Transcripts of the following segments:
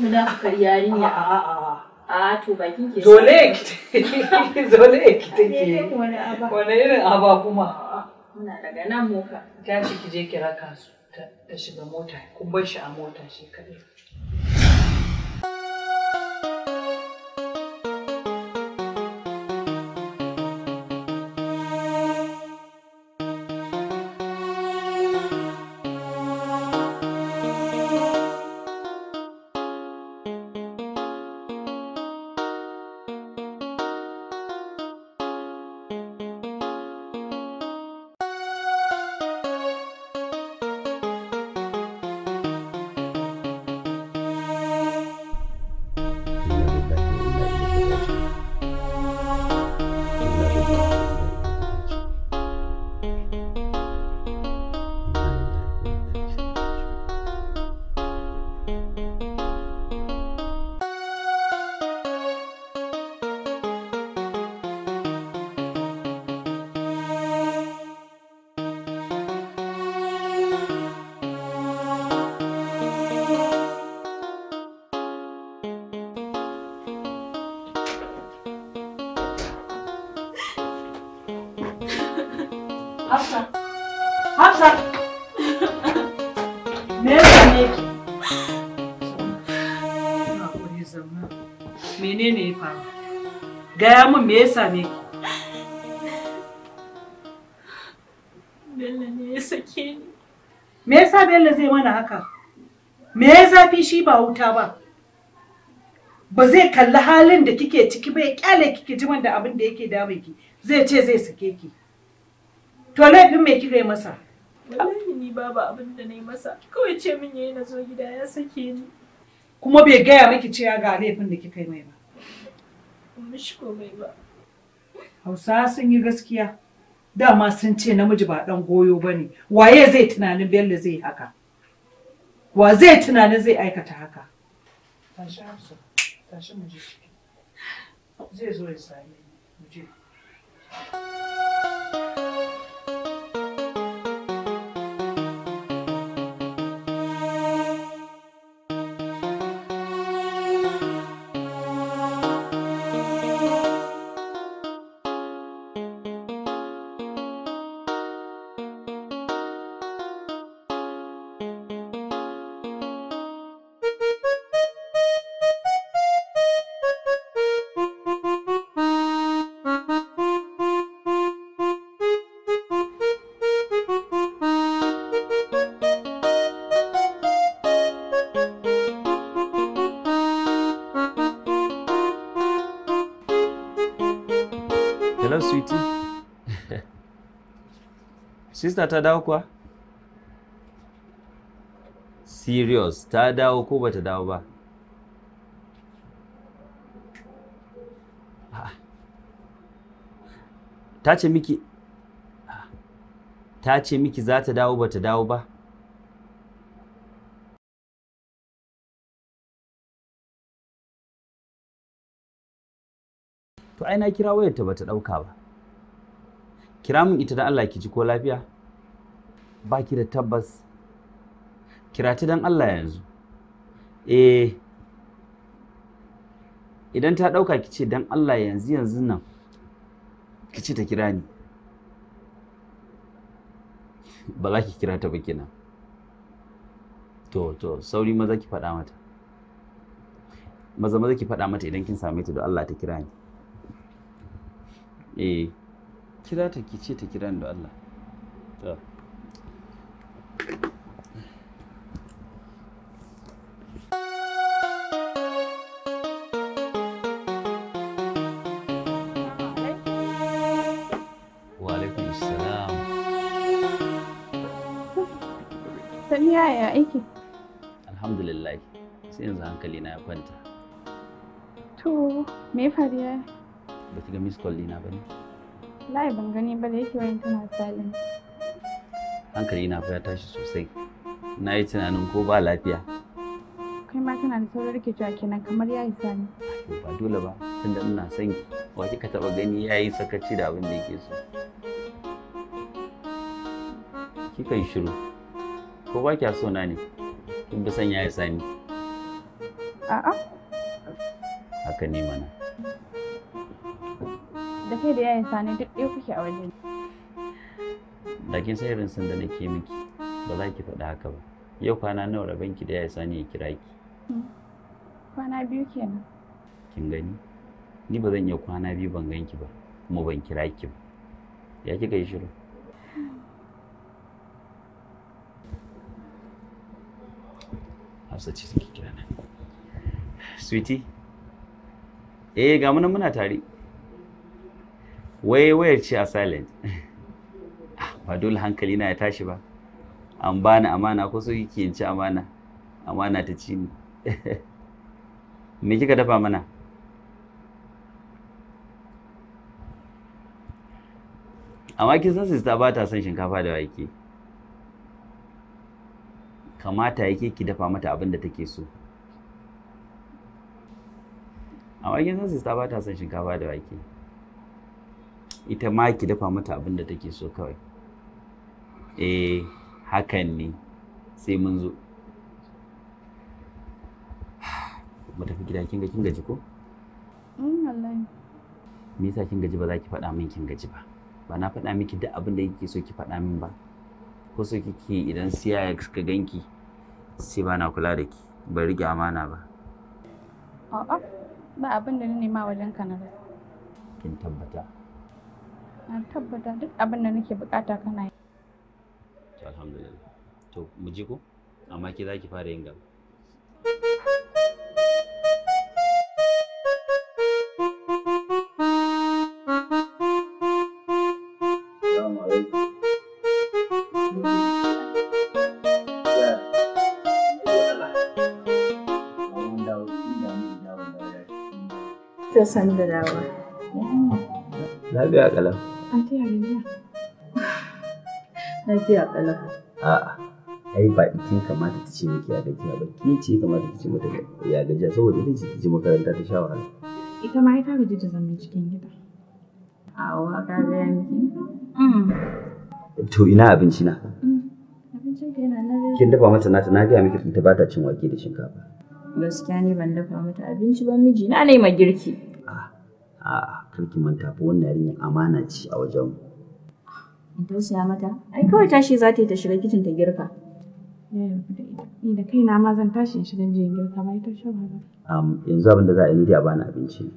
munafikar yarinya a a a to bakin ke zole ki zole ki take wani irin aba kuma muna daga nan moka tashi ki je kira kasu ta shiga mota kun bar shi a mota shi kadai thank you min me ya same ki Bello ne ya sake ni me yasa Bello zai mana haka me ya zafi shi ba wuta ba ba zai kalli halin da kike ciki ba ya kyale kike ji da abin da yake damun ki zai ce zai sake ki to laifin me kika yi masa wallahi ni babu abin da na yi masa kawai ce min yayi na zo gida ya sake ni kuma bai gaya miki cewa ga laifin da kika yi mai ba mishi komai ba. Hausa sun yi gaskiya. Dama sun ce namiji ba ɗan goyo ba ne. Waye zai tunanin Bello zai haka? Wa zai tunanin zai aikata haka? Tashi Hafsa, tashi mu je ciki. Zai zo ya same mu je. Sista ta dawo kuwa? Serious ta dawo ko bata dawo ba? Ah. Ta ce miki ta ce miki za ta dawo bata dawo ba? To ai na kira wayarta bata ɗauka ba. kira mun ita don Allah ki ji ko lafiya ba ki da tabbas kira ta dan Allah yanzu eh idan ta ɗauka ki ce dan Allah yanzu yanzu nan ki ce ta kira ni ba za ki kira ta ba kina. to to sauri maza ki faɗa mata maza maza ki faɗa mata idan kin same ta da Allah ta kira ni eh kira ta ki ce ta kira da Allah to Sani yaya aiki? Alhamdulillah sai yanzu hankali na ya kwanta. To, me faru Ba ki ga miss call dina ba ne? Lai ban gani ba da yake wani tana salin. Hankali na fa tashi sosai. Na yi tunanin ko ba lafiya. Kai ma kana da saurin rikicewa kenan kamar ya isa ni. Ba dole ba, tunda ina son ki. Wa kika taɓa gani ya yi sakaci da abin da yake so. Kika yi shiru. Ko ba kya so na ne? Kin bi sanya ya isa A'a. Haka ne mana. da kai da yayin sani duk ɗaya kuke a waje da kin irin sanda miki ba za ki faɗi haka ba yau kwana nawa da yayin sani ya kira ki hmm. kwana biyu kenan kin gani ni ba zan iya kwana biyu ban ganki ba kuma ban kira ki ba ya kika yi shiru Hafsa ce kira na. Sweetie, eh ga muna tare. wai wayar ce a silent ah, ba dole hankali na ya tashi ba an bani amana ko so yake in ci amana amana ta ci ni me kika dafa mana amma kin san sister ba ta son shinkafa da wake kamata yake ki dafa mata abin da take so amma kin san sister ba ta son shinkafa da wake ita ma ki dafa mata abin da take so kawai eh hakan ne sai mun zo mu tafi gida kin ga kin gaji ko mm wallahi me yasa kin gaji ba za ki faɗa min kin gaji ba ba na faɗa miki duk abin da kike so ki faɗa min ba ko so kike idan siya ya ka ganki sai ba na kula da ki ban rige amana ba a'a ba abin da ni nema wajen ka na kin tabbata na tabbata duk abin da nake bukata kana yi alhamdulillah to mu ji ko amma ke za fara yin gaba da sanda dawa. Lafiya An taya gajiya. Lafiya ƙalau. A'a, ai ba ita kamata ta ce miki ya gajiya ba, ke ce kamata ta ce mata ya gajiya saboda ita ce ta makaranta ta sha wahala. Ita ma ita gaji da zaman cikin gida. Awa, ka ga yanki. To ina abinci na? Abincinka yana nan. Kin dafa mata nata na gaya miki ita ba ta cin wake da shinkafa. Gaskiya ne ban dafa mata abinci ba miji na ne ma girki. a. kar ki manta fa wannan yarinya amana ce a wajen in tausaya mata ai kawai tashi za ta yi ta shiga kicin ta girka eh, ni da kaina ma zan tashi in shiga jin girka ba ita shi ba yanzu abin da za a yi ni dai a bani abinci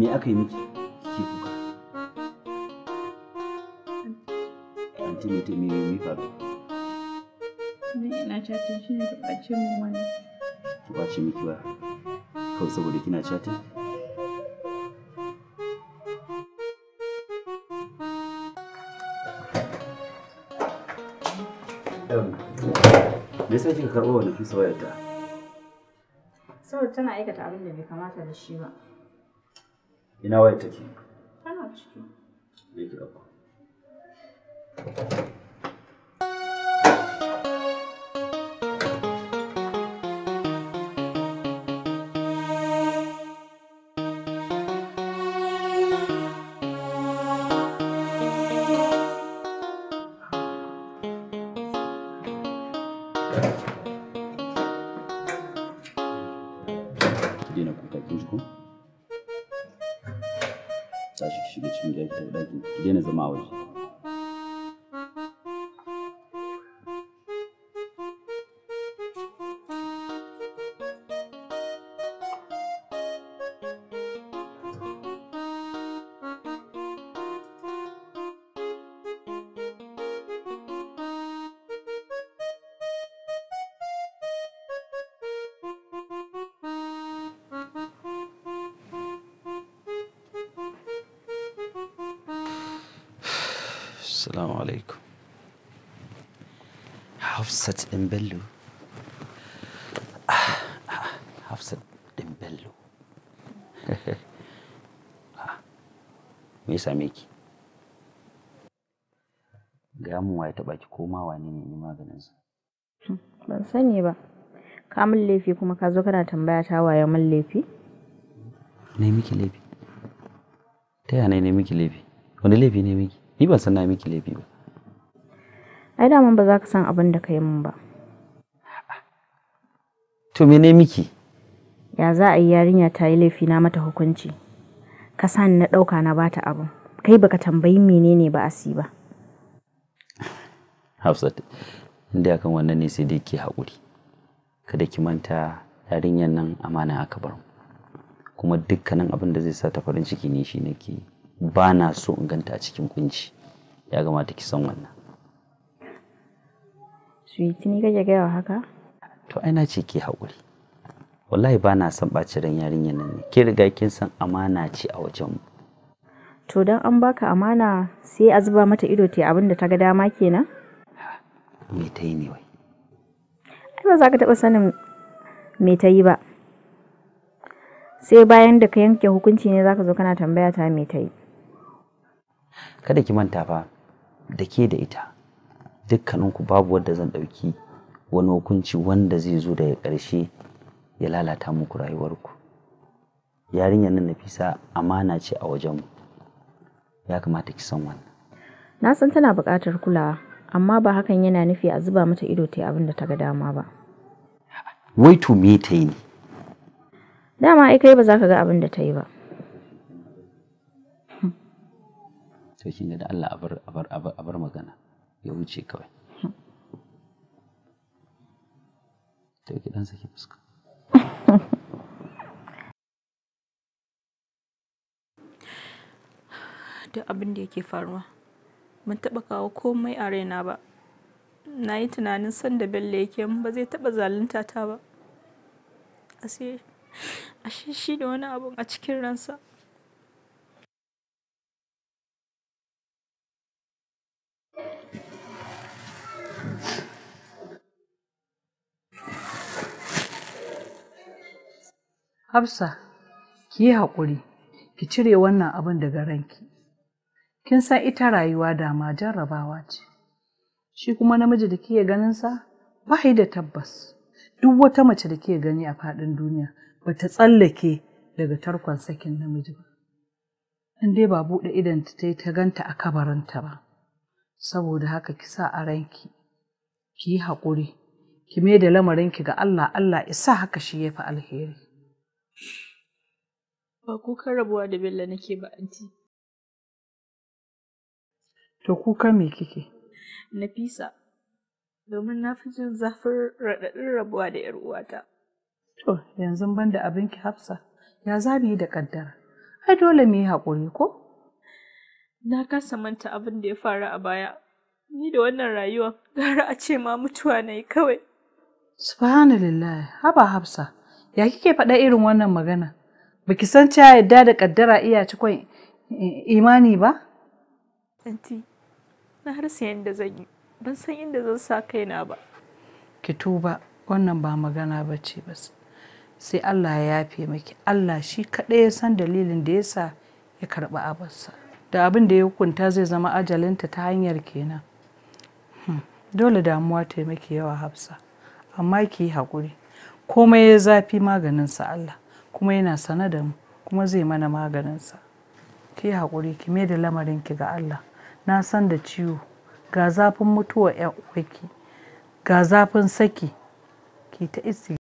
me aka yi miki kike kuka anti me ta me me faru ni ina chatin shi ne ba ce mu wani ki ba ce miki ba ko saboda kina chatin Me yasa kika karɓo wannan fisa wayar ta? Saboda tana aikata abin da bai kamata da shi ba. Ina waya take? Tana ciki. Yake ɗauko. daji ki daina zama waje sani ba ka min laifi kuma ka zo kana tambaya ta waye min laifi ne miki laifi ta yana ne miki laifi wani laifi ne miki ni ban san na miki laifi ba ai da mun ba za ka san abin da ka yi min ba to me ne miki ya za a yi yarinya ta yi laifi na mata hukunci ka sa ni na ɗauka na bata abin kai baka tambayi menene ba asi ba Hafsat inda kan wannan ne sai dai ke haƙuri kada ki manta yarinyar nan amana aka bar kuma dukkanin abin da zai sa ta farin ciki ne shi ki ba na so in ganta a cikin kunci ya ta ki san wannan Sweet ni kake gaya haka? To ai na ce ke haƙuri. Wallahi ba na son ɓaci ran yarinyar nan ne. Ki riga kin san amana ce a wajen To dan an baka amana sai a zuba mata ido ta abin da ta ga dama kenan? me ta ne wai ai ba za ka taɓa sanin me ta yi ba sai bayan da ka yanke hukunci ne za ka zo kana tambaya ta me ta yi kada ki manta fa da ke da ita dukkaninku babu wadda zan ɗauki wani hukunci wanda zai zo daga ƙarshe ya lalata muku rayuwarku yarinyar nan nafisa amana ce a wajenmu ya kamata ki san wannan na san tana buƙatar kulawa amma ba hakan yana nufi a zuba mata ido ta abin da ta ga dama ba wai to me ta yi ne dama ai kai ba za ka ga abin da ta yi ba to shi da Allah a bar magana ya wuce kawai to ki dan saki fuska duk abin da yake faruwa ban taɓa kawo komai a raina ba na yi tunanin sanda bello yake min ba zai taɓa zalunta ta ba ashe shi da wani abun a cikin ransa Hafsa, ki yi haƙuri, ki cire wannan abin daga ranki. kin san ita rayuwa dama jarrabawa ce shi kuma namiji da ke ganin sa ba da tabbas duk wata mace da ke gani a faɗin duniya ba ta tsallake daga tarkon sakin namiji ba in dai ba buɗe idan ta yi ta ganta a kabarinta ba saboda haka ki sa a ranki ki yi haƙuri ki mai da ki ga Allah Allah isa haka shi ya fi alheri ba kukan rabuwa da Bello nake ba anti To kuka me kike? Nafisa, domin na fi jin zafin raɗaɗin rabuwa da ‘yar uwata. To, yanzu ban da abinki Hafsa, ya zabi da ƙaddara. Ai dole mu yi haƙuri ko? Na kasa manta abin da ya faru a baya. Ni da wannan rayuwa gara a ce ma mutuwa na yi kawai. Subhanallah, haba Hafsa, ya kike faɗa irin wannan magana? Baki san ta yadda da ƙaddara iya cikon imani ba? na harsa yadda zan yi ban san inda zan sa kaina ba ki tuba wannan ba magana ba ce ba sai Allah ya yafe miki Allah shi kaɗai ya san dalilin da ya sa ya karɓi abarsa da abin da ya hukunta zai zama ajalinta ta hanyar kenan hmm. dole damuwa ta maki yawa hafsa amma ki yi haƙuri komai ya zafi maganinsa Allah kuma yana sana da mu kuma zai mana maganinsa ki yi haƙuri ki mai da ki ga Allah na san da ciwo ga zafin mutuwa ya uwaki ga zafin saki ki ta isi